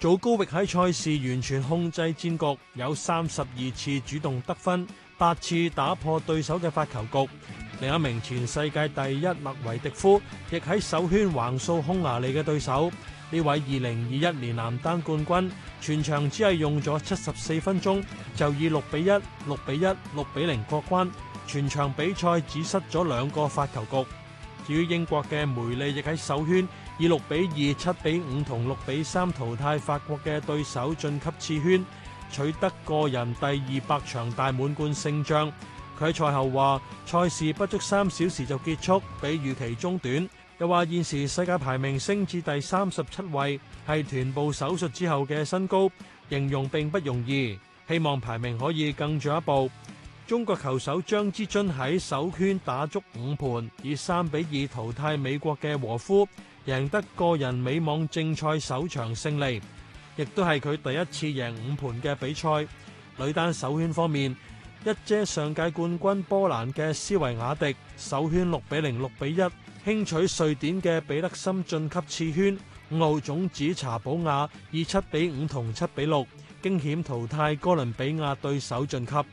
祖高域喺賽事完全控制戰局，有三十二次主動得分，八次打破對手嘅發球局。另一名前世界第一麥維迪夫亦喺首圈橫掃匈,匈牙利嘅對手，呢位二零二一年男單冠軍，全場只係用咗七十四分鐘就以六比一、六比一、六比零過關，全場比賽只失咗兩個發球局。至於英國嘅梅利，亦喺首圈以六比二、七比五同六比三淘汰法國嘅對手，晉級次圈，取得個人第二百場大滿貫勝仗。佢喺賽後話：賽事不足三小時就結束，比預期中短。又話現時世界排名升至第三十七位，係臀部手術之後嘅新高，形容並不容易。希望排名可以更進一步。中國球手張之臻喺首圈打足五盤，以三比二淘汰美國嘅和夫，贏得個人美網正賽首場勝利，亦都係佢第一次贏五盤嘅比賽。女單首圈方面，一姐上屆冠軍波蘭嘅斯維亞迪首圈六比零、六比一輕取瑞典嘅彼得森晉級次圈，澳總指查寶亞以七比五同七比六驚險淘汰哥倫比亞對手晉級。